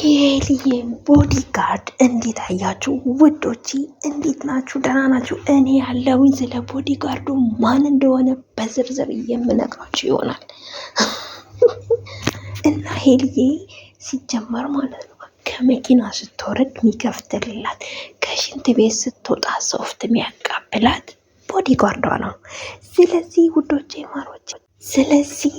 ሄልዬ ቦዲ ጋርድ እንዴት አያችሁ ውዶች፣ እንዴት ናችሁ? ደህና ናችሁ? እኔ ያለውኝ ስለ ቦዲ ጋርዱ ማን እንደሆነ በዝርዝር የምነግራችሁ ይሆናል። እና ሄልዬ ሲጀመር ማለት ነው ከመኪና ስትወርድ የሚከፍትልላት፣ ከሽንት ቤት ስትወጣ ሶፍት የሚያቃብላት ቦዲ ጋርዷ ነው። ስለዚህ ውዶቼ ማሮች ስለዚህ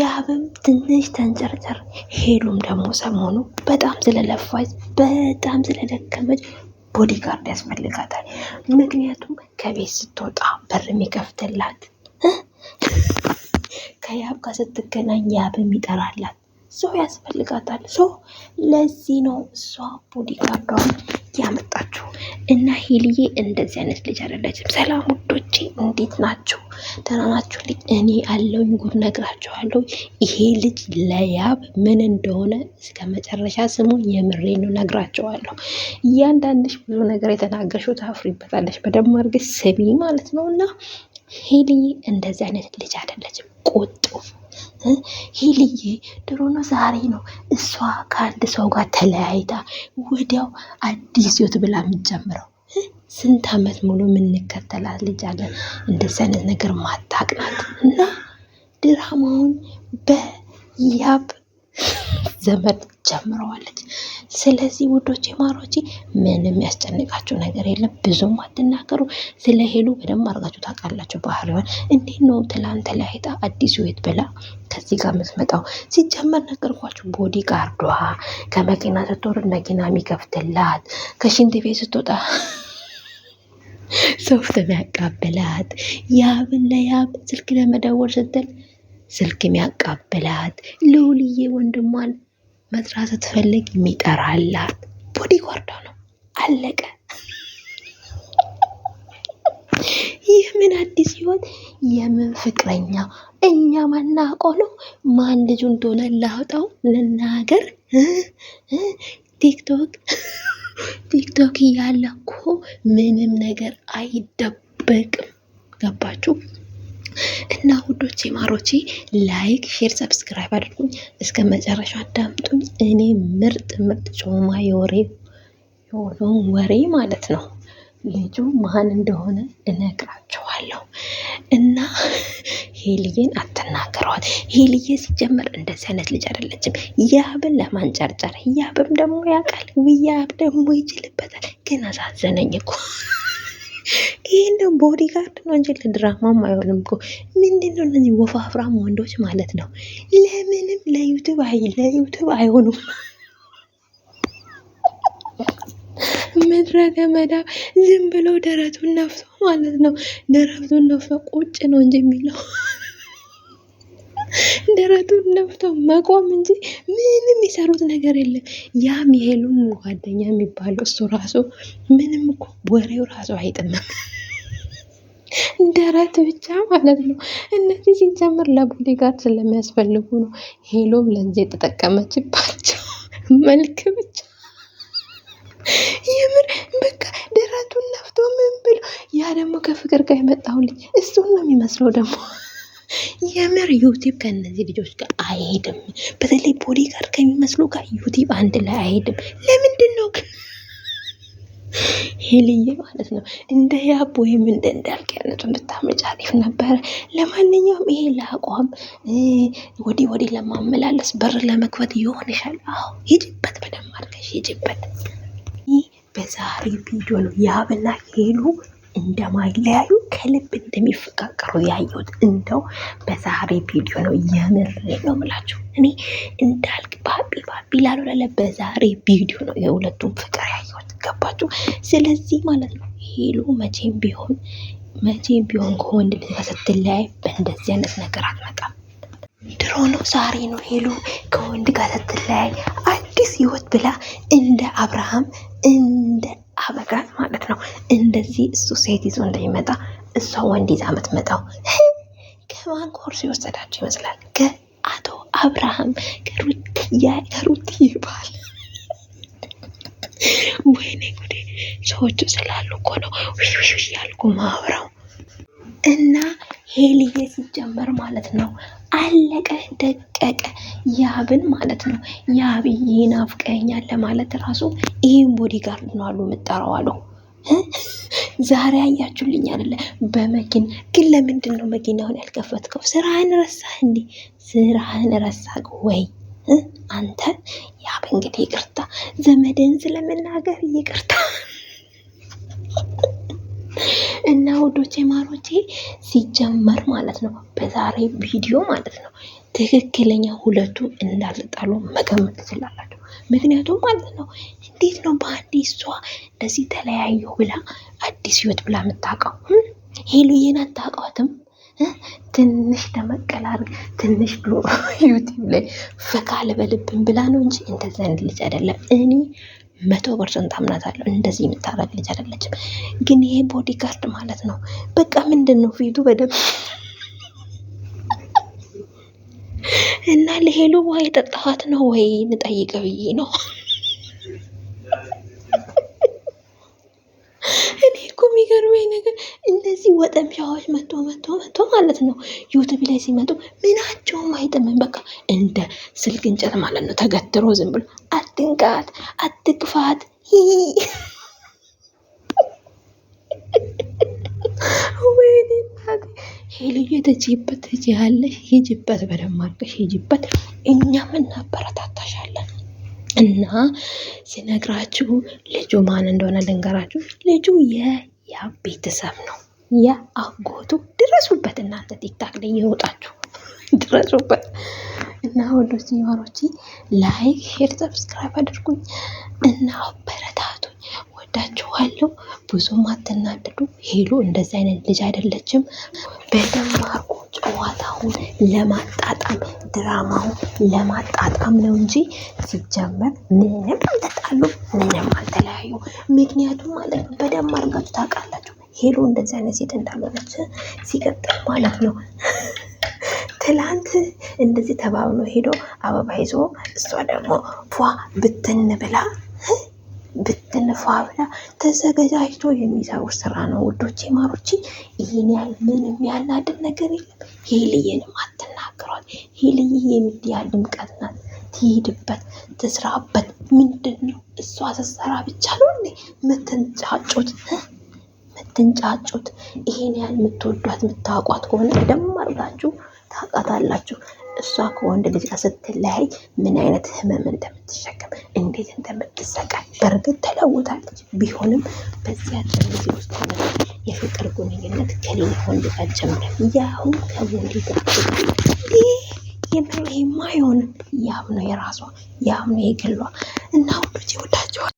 ያብም ትንሽ ተንጨርጨር፣ ሄሉም ደግሞ ሰሞኑ በጣም ስለለፋች በጣም ስለደከመች ቦዲጋርድ ያስፈልጋታል። ምክንያቱም ከቤት ስትወጣ በር የሚከፍትላት ከያብ ጋር ስትገናኝ ያብም ይጠራላት ሰው ያስፈልጋታል። ሰው ለዚህ ነው እሷ ቦዲጋርዷን ያመጣችው እና ሄልዬ እንደዚህ አይነት ልጅ አይደለችም። ሰላሙ እንዴት ናችሁ? ደህና ናችሁ? ልጅ እኔ አለውኝ። ጉድ ነግራችኋለሁ። ይሄ ልጅ ለያብ ምን እንደሆነ እስከ መጨረሻ ስሙ። የምሬ ነው ነግራችኋለሁ። እያንዳንድሽ ብዙ ነገር የተናገርሽው ታፍሪበታለሽ። በደንብ አድርገሽ ስሚ ማለት ነው እና ሄሊ እንደዚህ አይነት ልጅ አይደለችም። ቁጥብ ሄልዬ ድሮ ነው ዛሬ ነው እሷ ከአንድ ሰው ጋር ተለያይታ ወዲያው አዲስ ህይወት ብላ የምትጀምረው። ስንት ዓመት ሙሉ የምንከተላት ልጅ አለን። እንደዚህ አይነት ነገር ማታቅናት እና ድራማውን በያብ ዘመን ጀምረዋለች። ስለዚህ ውዶች ማሮቼ ምንም የሚያስጨንቃቸው ነገር የለም። ብዙም አትናገሩ። ስለ ሄሉ በደንብ አድርጋችሁ ታውቃላችሁ ባህሪዋን። እንዴት ነው ትላንት ተለያይታ አዲስ ቤት ብላ ከዚህ ጋር የምትመጣው? ሲጀመር ነገርኳችሁ። ቦዲ ጋርዷ ከመኪና ስትወርድ መኪና የሚከፍትላት ከሽንት ቤት ስትወጣ ሶፍትም የሚያቃብላት ያብን ለያብ ስልክ ለመደወል ስትል ስልክ የሚያቃብላት ልውልዬ ወንድሟን መጥራት ስትፈልግ የሚጠራላት ቦዲ ነው። አለቀ። ይህ ምን አዲስ ህይወት? የምን ፍቅረኛ? እኛ ማናቆ ነው። ማን ልጁ እንደሆነ ላውጣው ልናገር። ቲክቶክ ቲክቶክ እያለ እኮ ምንም ነገር አይደበቅም። ገባችሁ? እና ውዶቼ ማሮቼ ላይክ፣ ሼር፣ ሰብስክራይብ አድርጉኝ። እስከ መጨረሻ አዳምጡኝ። እኔ ምርጥ ምርጥ ጮማ የወሬ የሆነውን ወሬ ማለት ነው ልጁ ማን እንደሆነ እነግራችኋለሁ እና ሄልዬን አትናገረዋት ሄልዬ ሲጀመር እንደዚህ አይነት ልጅ አይደለችም። ያብን ለማንጨርጨር ያብም ደግሞ ያውቃል፣ ያብ ደግሞ ይችልበታል። ግን አሳዘነኝ እኮ ይህን ቦዲጋርድ ነው እንጂ ለድራማም አይሆንም እኮ። ምንድን ነው እነዚህ ወፋፍራም ወንዶች ማለት ነው። ለምንም ለዩቱብ ለዩቱብ አይሆኑም። ምድረ መዳብ ዝም ብሎ ደረቱን ነፍቶ ማለት ነው። ደረቱን ነፍቶ ቁጭ ነው እንጂ የሚለው ደረቱን ነፍቶ መቆም እንጂ ምንም የሰሩት ነገር የለም። ያም የሄሉም ጓደኛ የሚባለው እሱ ራሱ ምንም እኮ ወሬው ራሱ አይጥምም። ደረት ብቻ ማለት ነው። እነዚህ ሲጀምር ጋር ስለሚያስፈልጉ ነው። ሄሎም ለዚህ የተጠቀመችባቸው መልክ ብቻ የምር በቃ ደረቱን ነፍቶ ምን ብሎ ያ ደግሞ ከፍቅር ጋር የመጣሁልኝ እሱን ነው የሚመስለው ደግሞ የምር ዩቲብ ከእነዚህ ልጆች ጋር አይሄድም። በተለይ ቦዲ ጋር ከሚመስሉ ጋር ዩቲብ አንድ ላይ አይሄድም። ለምንድን ነው ግን ሄልዬ ማለት ነው እንደ ያብ ወይም እንደ እንዳልክ ያነቱን ብታመጭ አሪፍ ነበረ። ለማንኛውም ይሄ ለአቋም ወዲህ ወዲህ ለማመላለስ በር ለመክፈት ይሆንሻል። አዎ ሂጅበት፣ በደንብ አድርገሽ ሂጅበት። በዛሬ ቪዲዮ ነው ያብና ሄሉ እንደማይለያዩ ከልብ እንደሚፈቃቀሩ ያየሁት። እንደው በዛሬ ቪዲዮ ነው የምር ነው ምላቸው። እኔ እንዳልክ ባቢ ባቢ ላልሆነ በዛሬ ቪዲዮ ነው የሁለቱም ፍቅር ያየሁት። ገባችሁ? ስለዚህ ማለት ነው ሄሉ መቼም ቢሆን መቼም ቢሆን ከወንድ ልጅ ጋር ስትለያይ በእንደዚህ አይነት ነገር አትመጣም። ድሮ ነው ዛሬ ነው ሄሉ ከወንድ ጋር ስትለያይ አዲስ ህይወት ብላ እንደ አብርሃም እንደ አበጋዝ ማለት ነው። እንደዚህ እሱ ሴት ይዞ እንደሚመጣ እሷ ወንድ ይዛ የምትመጣው ከማን ኮርስ የወሰዳቸው ይመስላል? ከአቶ አብርሃም ከሩት ይባል? ወይኔ ጉዴ! ሰዎቹ ስላሉ እኮ ነው ውሽውሽ ያልኩ ማብረው እና ሄልዬ ሲጀመር ማለት ነው አለቀ ደቀቀ። ያብን ማለት ነው። ያብ ይናፍቀኛል ለማለት ራሱ ይህን ቦዲጋርድ ነው አሉ የምጠራው አሉ። ዛሬ አያችሁልኝ አይደለ? በመኪና ግን ለምንድን ነው መኪናውን ያልከፈትከው? ስራህን ረሳህ እንዴ? ስራህን ረሳህ ወይ አንተ? ያብ እንግዲህ ይቅርታ፣ ዘመድህን ስለመናገር ይቅርታ። እና ውዶቼ ማሮቼ ሲጀመር ማለት ነው በዛሬ ቪዲዮ ማለት ነው ትክክለኛ ሁለቱ እንዳልጣሉ መገመት ትችላላችሁ። ምክንያቱም ማለት ነው እንዴት ነው በአንዴ እሷ እንደዚህ ተለያየሁ ብላ አዲስ ህይወት ብላ የምታውቀው ሄሉዬን አታውቃትም። ትንሽ ደመቀላር ትንሽ ብሎ ዩቲብ ላይ ፈካ ልበልብን ብላ ነው እንጂ አይነት ልጅ አይደለም እኔ መቶ ፐርሰንት አምናታለሁ። እንደዚህ የምታረግ ልጅ አይደለችም። ግን ይሄ ቦዲ ጋርድ ማለት ነው። በቃ ምንድን ነው ፊቱ በደንብ እና ለሄሉ ውሃ የጠጣኋት ነው ወይ ንጠይቅ ብዬ ነው። እኔ እኮ የሚገርመኝ ነገር እነዚህ ወጠምሻዎች መቶ መቶ መቶ ማለት ነው ዩቱብ ላይ ሲመጡ ምናቸውም አይጥምም። በቃ እንደ ስልክ እንጨት ማለት ነው ተገትሮ ዝም ብሎ አትንቃት፣ አትግፋት። ወይኔ እናቴ ይሄ ልዩ የተችበት እጅ ያለ ሂጅበት፣ በደማርቀሽ ሂጅበት። እኛም እናበረታታሻለን። እና ሲነግራችሁ ልጁ ማን እንደሆነ ልንገራችሁ። ልጁ የያ ቤተሰብ ነው፣ የአጎቱ ድረሱበት። እናንተ ቲክታክ ላይ ይወጣችሁ። ድረሱበት እና ወዶች ይማሮች ላይክ፣ ሼር፣ ሰብስክራይብ አድርጉኝ እና አበረታቱኝ። ወዳችኋለሁ። ብዙም አትናደዱ። ሄሉ እንደዚህ አይነት ልጅ አይደለችም። በደንብ አርጎ ጨዋታውን ለማጣጣም ድራማውን ለማጣጣም ነው እንጂ ሲጀመር ምንም አልተጣሉ፣ ምንም አልተለያዩ። ምክንያቱም ማለት ነው በደንብ አርጋችሁ ታውቃላችሁ ሄሉ እንደዚ አይነት ሴት እንዳልሆነች ሲቀጥል ማለት ነው። ትላንት እንደዚህ ተባብሎ ሄዶ አበባ ይዞ እሷ ደግሞ ፏ ብትን ብላ ብትን ፏ ብላ ተዘገጃጅቶ የሚሰሩ ስራ ነው ውዶቼ ማሮች ይህን ያህል ምን የሚያናድድ ነገር የለም። ሄልዬንም አትናግሯት። ሄልዬ የሚዲያ ድምቀት ናት። ትሄድበት ትስራበት። ምንድን ነው እሷ ስትሰራ ብቻ ነው እንዴ ምትንጫጩት? ምትንጫጩት ይሄን ያህል የምትወዷት የምታውቋት ከሆነ ደም አድርጋችሁ ታውቃታላችሁ። እሷ ከወንድ ልጅ ጋር ስትለያይ ምን አይነት ህመም እንደምትሸከም እንዴት እንደምትሰቃይ በእርግጥ ተለውጣለች። ቢሆንም በዚያ ጊዜ ውስጥ ሆነ የፍቅር ግንኙነት ከሌላ ወንድ ጋር ጭምር ያሁን ከወንድ ጋር የምር ይሄማ አይሆንም። ያም ነው የራሷ ያም ነው የግሏ እና ሁሉ ወዳቸዋል።